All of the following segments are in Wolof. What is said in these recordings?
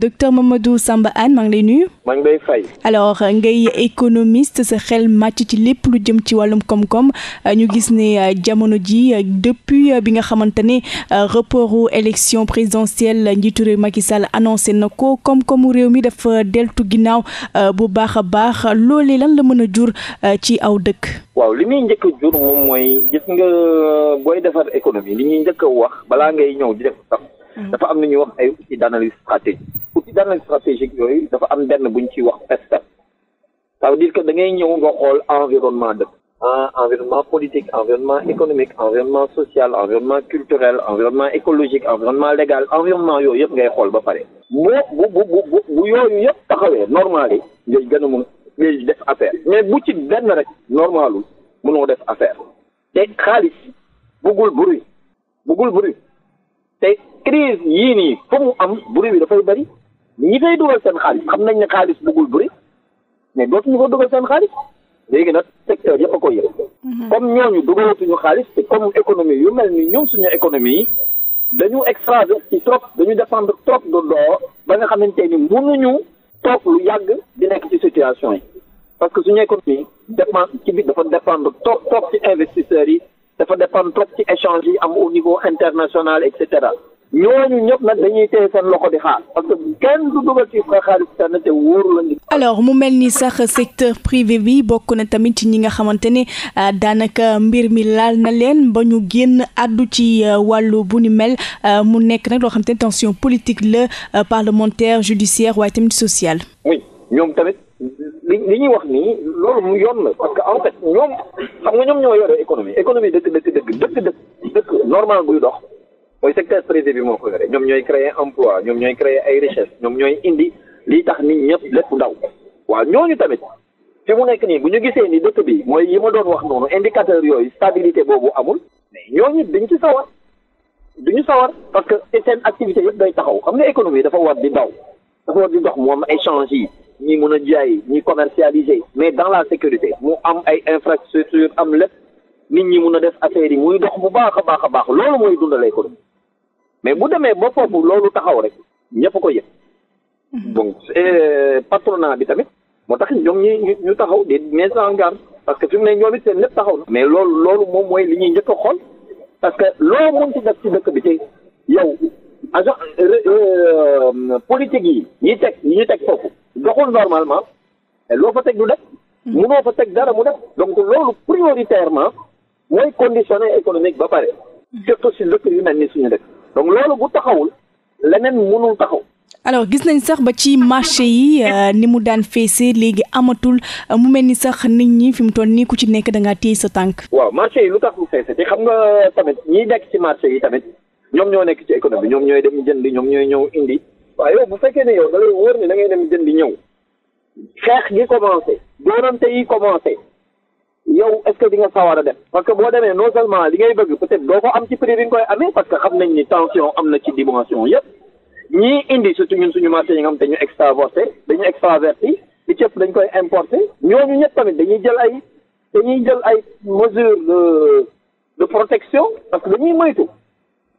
docteur Mamadou Samba Hann maa ngi lay nuyu. maa ngi lay fay. alors euh, ngay économiste sa xel màcc ci lépp lu jëm ci wàllum koom-koom euh, ñu gis ne euh, jamono ji depuis bi nga xamante ne reportu élection présidentielle njiitu réew Macky Sall annoncé na ko koom-koomu réew mi dafa deltu ginnaaw bu baax a baax loolee lan la mën a jur ci aw dëkk. waaw li muy njëkk jur moom mooy gis nga booy defar économie li ñuy njëkk a wax balaa ngay ñëw mm. dafa am lu ñuy wax ay outils d'analyse stratégique. outil d'analyse stratégique yooyu dafa am benn bu ñu ciy wax PESTEL ça veut dire que dangay ngay ñëw nga xool environnement dëkk ah, environnement politique environnement économique environnement social environnement culturel environnement écologique environnement légal environnement yooyu yëpp ngay xool ba pare moo bu bu bu bu yooyu yëpp taxawee normal yi ngay gën a mun ngay def affaire mais bu ci benn rek normalul mënoo def affaire te xaalis buggul bruit buggul bruit te nii fu mu am bruit bi ñi koy dugal seen xaalis xam nañ ne xaalis bëggul bëri mais ñu ko dugal seen xaalis léegi nag secteur yëpp a ko yëpp mhm. comme ñooñu dugalatuñu xaalis te comme économie yu mel ni ñoom suñu économie yi dañu extraver ci trop dañu dépendre trop de doo ba nga xamante ni mënuñu toog lu yàgg di nekk ci situation yi parce que suñu économie dépend ci biir dafa dépendre trop trop ci investisseurs yi dafa dépendre trop ci échange am au niveau international et cetera ñooñu ñëpp nag dañuy téye seen loxo di xaar parce kenn du dugal ci xaalis tànn te wóoru la alors mu mel ni sax secteur privé bi bokk na tamit ci ñi nga xamante ne euh, daanaka mbir mi laal na leen ba ñu génn àddu ci euh, wàllu bu ni mel euh, mu nekk nag loo xam ne tension politique la parlementaire judiciaire waaye tamit sociale. oui ñoom tamit li li ñuy wax nii loolu mu yoon la parce que en fait ñoom xam nga ñoom ñoo yore économie économie dëkk dëkk dëkk dëkk dëkk dëkk normal buy dox mooy secteur privé bi moo ko yore ñoom ñooy créer emploi ñoom ñooy créer ay richesse ñoom ñooy indi lii tax ni ñëpp lépp ndaw waaw ñooñu tamit fi mu nekk nii bu ñu gisee ni dëkk bi mooy yi ma doon wax noonu indicateur yooyu stabilité boobu amul mais ñooñu dañ ci sawar duñu sawar parce que seen activité yëpp day taxaw xam nga économie dafa war di daw dafa di dox mu am échange yi ñi mun a jaay ñi commercialiser mais dans la sécurité mu am ay infrastructure am lépp nit ñi mun a def affaire yi muy dox bu baax a baax a baax loolu mooy dundal économie mais bu demee ba foofu loolu taxaw rek ñëpp ko yëg mhm. donc euh, patronat bi tamit moo tax ñoom ñi ñu taxaw de mise en parce que fi mu ne ñoom it seen lépp taxaw na mais loolu loolu moom mooy li ñuy njëkk a xool parce que loo mun ci def ci dëkk bi tey yow agent euh, euh, politique yi ñi teg ñu teg foofu doxul normalement te loo fa teg du def mënoo hmm. fa teg dara mu def donc loolu prioritairement mooy conditionné économique ba pare hmm. surtout si dëkk yu mel ni suñu dëkk donc loolu bu taxawul leneen mënul taxaw alors gis nañ sax ba ci marché yi euh, ni mu daan feesee léegi amatul mu mel ni sax nit ñi fi mu toll nii ku ci nekk da ngaa téye sa tànk. waaw marché yi lu tax mu feesee te xam nga tamit ñiy nekk ci marché yi tamit ñoom ñoo nekk ci économie ñoom ñooy dem jënd ñoom ñooy ñëw indi waaye yow bu fekkee ne yow da lay wóor ne da ngay dem jëndi ñëw xeex gi commencé doonante yi commencé yow est ce que nga sawar a dem parce que boo demee non seulement li ngay bëgg peut être doo ko am ci prix bi nga koy amee parce que xam nañ ni tension am na ci dimension yëpp ñii indi su ñun suñu marché yi nga xam te ñu extraverté dañu extraverti li cëpp dañ koy importé ñooñu ñëpp tamit dañuy jël ay dañuy jël ay mesures de de protection parce que dañuy moytu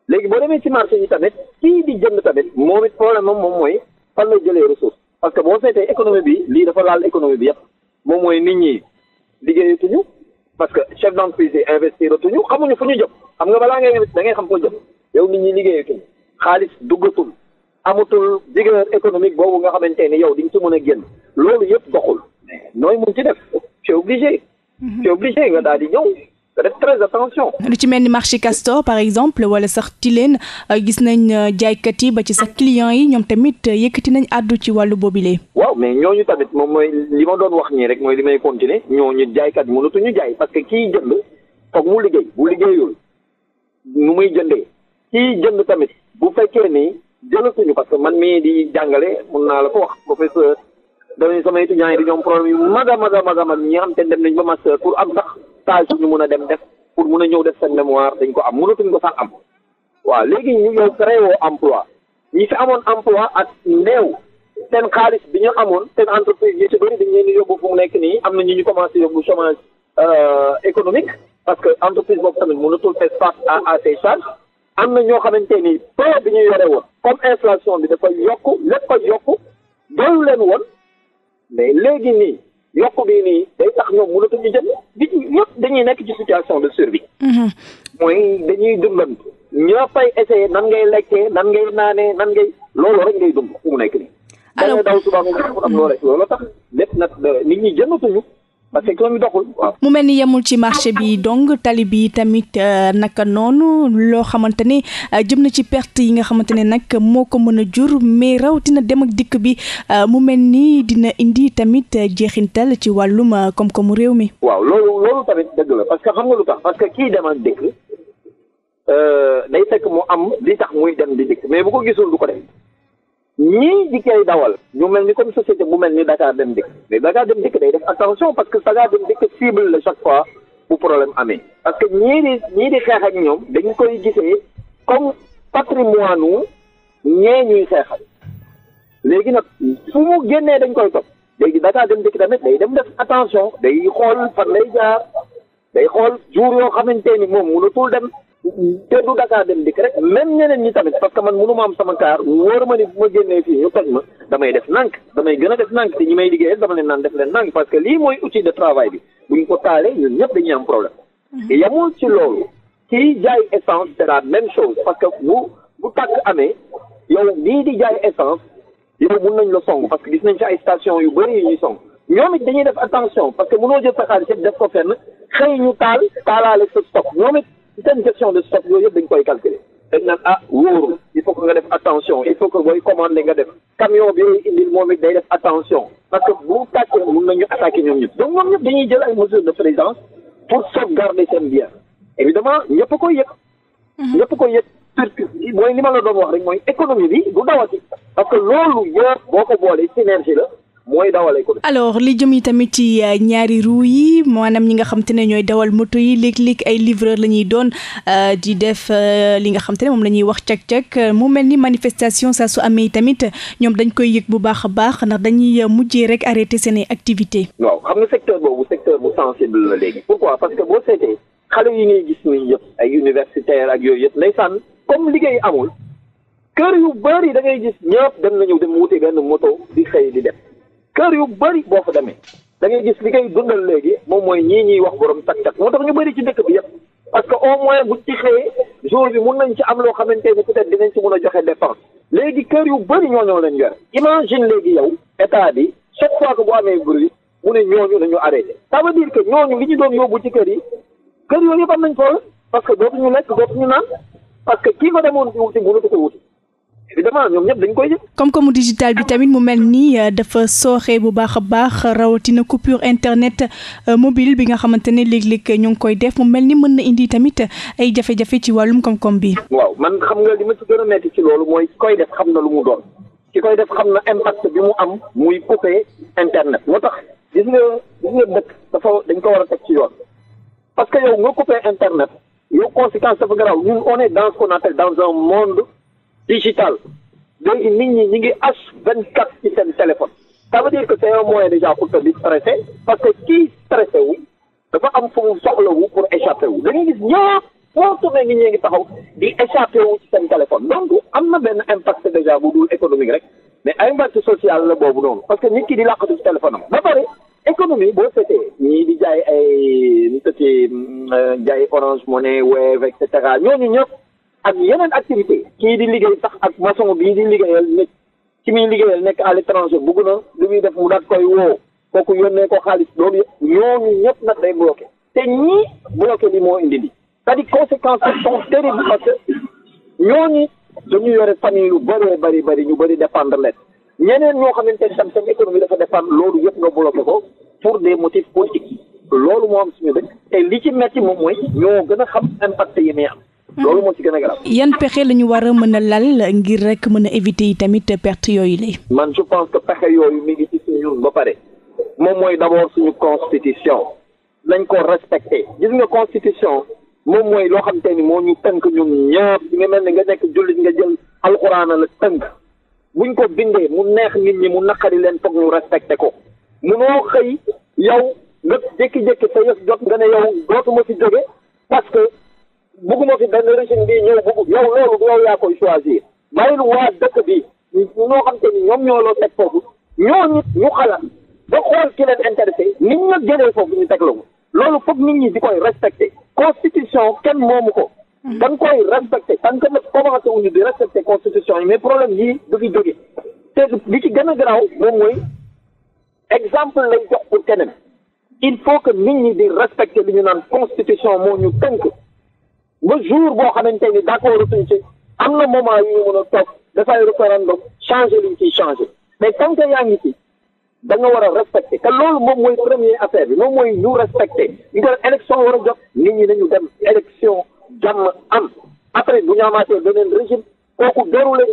léegi boo demee ci marché yi tamit kii di jënd tamit moom it problème am moom mooy fan la jëlee ressource parce que boo seetee économie bi lii dafa laal économie bi yépp moom mooy nit ñi liggéeyatuñu parce que chef d'entreprise yi investir atuñu xamuñu fu ñu jëm xam nga balaa nga investir da ngay xam foo jëm yow nit ñi liggéeyatuñu xaalis duggatul amatul vigueur économique boobu nga xamante ni yow di nga ci mën a génn loolu yëpp doxul nooy mun ci def c'est obligé mm-hmm. c'est obligé nga daal di ñëw da def très attention. lu ci mel ni marché Castor par exemple wala sax Tilène euh, gis nañ euh, jaaykat yi ba ci sax clients yi ñoom tamit euh, yëkkati nañ àddu ci wàllu boobile. waaw mais ñooñu tamit moom mooy li ma doon wax nii rek mooy li may continuer ñooñu jaaykat mënatuñu jaay parce que kii jënd foog mu liggéey bu liggéeyul nu muy jëndee kii jënd tamit bu fekkee ni jëlatuñu parce que man mii di jàngale mun naa la ko wax professeur. danañ sama étudiants a mag a mag te dem nañ ba master pour am stage bu ñu mën a dem def pour mën a ñëw def seen mémoire dañ ko am mënatuñ ko sax am waaw léegi ñu yow créé emploi ñi fi amoon emploi ak néew seen xaalis bi ñu amoon seen entreprise yi ci bëri dañ leen di yóbbu fu mu nekk nii am na ñu ñu commencé yóbbu chômage euh, économique parce que entreprise boobu tamit mënatul faire face à à ses charges am na ñoo xamante ni peu bi ñu yore woon comme inflation bi dafa yokk lépp ko yokk doolu leen woon mais léegi yokk bi nii day tax ñoom mënatuñu jënd nit ñi yëpp dañuy nekk ci situation de survie. Mhm. mooy dañuy dundant ñoo fay essayer nan ngay lekkee nan ngay naanee nan ngay loolu rek ngay dund fu mu nekk nii. alors daw suba a am mhm. loo rek loolu tax lépp nag nit ñi jëndatuñu. parce que yoon wi doxul mu mel ni yemul ci marché bi donc tali bi tamit euh, naka noonu loo xamante ne euh, jëm na ci perte yi nga xamante ne nag moo ko mën a jur mais rawatina dem ak dikk bi euh, mu mel nii dina indi tamit jeexintal ci wàllum koom-koomu réew mi. waaw loolu loolu tamit dëgg la parce que xam nga lu tax parce que kii dem ak dikk day fekk mu am li tax muy dem di dikk mais bu ko gisul du ko def. ñii di koy dawal ñu mel ni comme société bu mel ni Dakar dem dikk mais Dakar dem dikk day def attention parce que Dakar dem dikk cible la chaque fois bu problème amee parce que ñii di ñii di xeex ak ñoom dañ koy gisee comme patrimoine wu ñee ñuy xeexal léegi nag fu mu génnee dañ koy topp léegi Dakar dem dikk tamit day dem def attention day xool fan lay jaar day xool jour yoo xamante ni moom mënatul dem te du Dakar dem dikk rek même ñeneen ñi tamit parce que man mënu ma am sama kaar wóor ma ni bu ma génnee fii ñu toj ma damay def nànk damay gën a def nank te ñi may liggéeyal dama leen naan def leen nànk parce que lii mooy outil de travail bi buñ ko taalee ñun ñëpp dañuy am problème. Mhm. yamul ci loolu kii jaay essence c'est même chose parce bu bu tàkk amee yow nii di jaay essence yow mun nañ la song parce que gis nañ ci ay station yu bëri yu ñuy song ñoom it dañuy def attention parce que mënoo jël sa xaalis ko fenn xëy ñu taal taalaale seen gestion de stock yooyu yëpp dañ koy calculer dañ naan ah wóorul il faut que nga def attention il faut booy commandé nga def camion bi ngay indil moom it day def attention parce que bu tàkkee mun nañu attaquer ñoom ñëpp donc ñoom ñëpp dañuy jël ay mesures de présence pour sauvegarder seen bien évidemment ñëpp a koy yëg mhm. ñëpp koy yëg surtout mooy li ma la doon wax rek mooy économie bi du dawati parce que loolu yëpp boo ko boolee synergie la mooy dawal économie. alors li jëm yi tamit ci euh, ñaari roue yi maanaam ñi nga xam te ne ñooy dawal moto yi léeg-léeg ay livreur la ñuy doon euh, di def euh, li nga xam te ne moom lañuy wax cek-cek mu mel ni manifestation saa su amee tamit ñoom dañ koy yëg bu baax a baax ndax dañuy mujje rek arrêté seen i activités. waaw xam nga secteur boobu secteur bu sensible la léegi. pourquoi parce que boo seetee xale yi ngay gis nii yëpp ay universitaire ak yooyu yëpp ndeysaan comme liggéey amul kër da ngay gis di dem kër yu bëri boo fa demee da gis li koy dundal léegi moom mooy ñii ñuy wax borom tak-tak moo tax ñu bëri ci dëkk bi yëpp parce que au moins bu ci xëyee jour bi mun nañ ci am loo xamante ni peut-être dinañ ci mun a joxe dépense léegi kër yu bëri ñooñoo leen yore imagine léegi yow état bi chaque fois que bu amee bruit mu ne ñooñu dañu arrêté ça veut dire ñooñu li ñu doon yóbbu ci kër yi kër yooyu yëpp am nañ problème parce que dootuñu lekk dootuñu naan que kii ko demoon ko wuti évidemment ñoom ñëpp dañ koy jël. comme comme digital bi tamit mu mel ni euh, dafa sooxee bu baax a baax rawatina coupure internet euh, mobile bi nga xamante ne léeg-léeg ñu ngi koy def mu mel ni mën na indi tamit ay jafe-jafe ci wàllum koom-koom bi. waaw man xam nga li ma ci gën a metti ci loolu mooy koy def xam na lu mu doon ki koy def xam na impact bi mu am muy coupé internet moo tax gis nga gis dëkk dafa dañ ko war a teg ci yoon parce que yow nga coupé internet yow conséquence dafa garaaw digital donc nit ñi ñu ngi H24 ci seen téléphone ça veut dire que c'est un moyen déjà pour te déstresser parce que kii stressé wu dafa am fu mu soxla wu pour échapper wu da ngay gis ñëpp foo tourné nit ñi ngi taxaw di échapper wu ci seen téléphone donc am na benn impact déjà bu dul économique rek mais impact social la boobu noonu parce que nit ki di làqatu ci téléphone am ba pare économie boo seetee ñii di jaay ay nu tëddee euh, jaay Orange Money Wave et cetera ñooñu ñëpp. ak yeneen activité kii di liggéey sax ak maçon bi di liggéeyal nekk ci muy liggéeyal nekk à l'étranger bugg lu muy def mu daat koy woo kooku yónnee ko xaalis loolu ñooñu ñëpp nag day bloqué te ñii bloqué li moo indi li conséquence à dire conséquences yi sont parce que ñooñu dañu yore famille yu bëree bëri bëri ñu bëri dépendre leen ñeneen ñoo xamante ne tam seen économie dafa dépendre loolu yëpp nga bloqué ko pour de motifs politiques loolu moo am suñu de te li ci metti moom mooy gën a xam impact yi muy loolu hmm. moo ci gën a garaaw. yan pexe la ñu war a mën a lal ngir rek mën a éviter yi tamit perte yooyu la. man je pense que pexe yooyu mi ngi ci ñun ba pare moom mooy d'abord suñu constitution lañ ko respecté gis nga constitution moom mooy loo xam te ni moo ñu tënk ñun ñëpp nga mel ne nga nekk jullit nga jël alxuraan la tënk buñ ko bindee mu neex nit ñi mu naqari leen foog ñu respecté ko munoo xëy yow nga jékki-jékki sa yëf jot nga ne yow dootuma ci jóge parce que. bugguma fi benn régime bi ñëw bugg yow loolu yow yaa koy choisir bàyyil waa dëkk bi ñoo xam te ñoom ñoo loo teg foofu ñooñu ñu xalaat ba xool ki leen intéressé nit ña génnee foofu ñu teg la ko loolu foog nit ñi di koy respecté constitution kenn moomu ko mhm. da nga koy respecté tant que nag commencé wuñu di respecté constitution yi mais problème yii du fi jóge te li ci gën a garaaw moom mooy exemple lay jox pour keneen il faut que nit ñi di respecté li ñu naan constitution moo ñu tënk ba jour boo xamante ni d'accord tuñ am na moment yu ñu mën a toog dafay référendum changer liñ ciy changer mais tant que yaa ngi ci da war a respecter te loolu moom mooy premier affaire bi moom mooy ñu respecter ñu doon élection war a jot nit ñi nañu dem élection jàmm am après bu ñu amaatee beneen régime kooku déroulé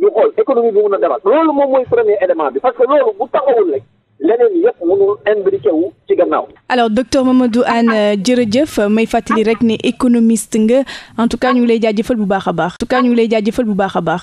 ñu xool économie bi mun a demal loolu moom mooy premier élément bi parce que loolu bu taxawul rek leneen yëpp mënul imbriqué wu ci gannaaw. alors docteur Mamadou Hann euh, jërëjëf may fàttali rek ne économiste nga en tout cas ñu ngi lay jaajëfal bu baax a baax en tout cas ñu ngi lay jaajëfal bu baax a baax.